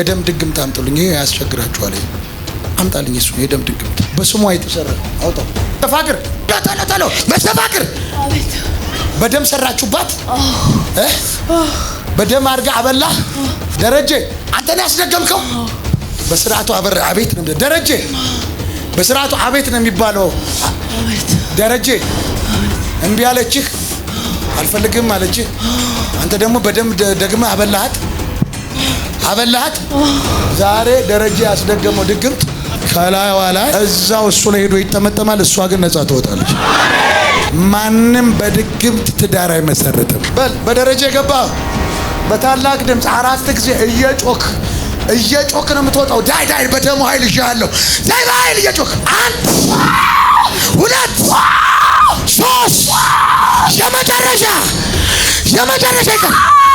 የደም ድግምት አምጡልኝ፣ ይሄ ያስቸግራችኋል፣ አምጣልኝ። እሱ የደም ድግምት በስሟ የተሰራ አውጣው። ተፋቅር ቶሎ ቶሎ መስተፋቅር በደም ሰራችሁባት፣ በደም አድርጋ አበላ። ደረጀ አንተን ያስደገምከው በስርዓቱ አበረ። አቤት ነው ደረጀ፣ በስርዓቱ አቤት ነው የሚባለው። ደረጀ እምቢ አለችህ፣ አልፈልግም አለችህ። አንተ ደግሞ በደም ደግመህ አበላሃት። አበላሃት። ዛሬ ደረጃ ያስደገመው ድግምት ከላይዋ ላይ እዛው እሱ ላይ ሄዶ ይጠመጠማል። እሷ ግን ነጻ ትወጣለች። ማንም በድግምት ትዳር አይመሰርትም። በል በደረጃ የገባ በታላቅ ድምፅ አራት ጊዜ እየጮክ እየጮክ ነው የምትወጣው። ዳይ ዳይ በደሙ ኃይል ይዣለሁ። ዳይ ኃይል እየጮክ አንድ ሁለት ሶስት የመጨረሻ የመጨረሻ ይቀር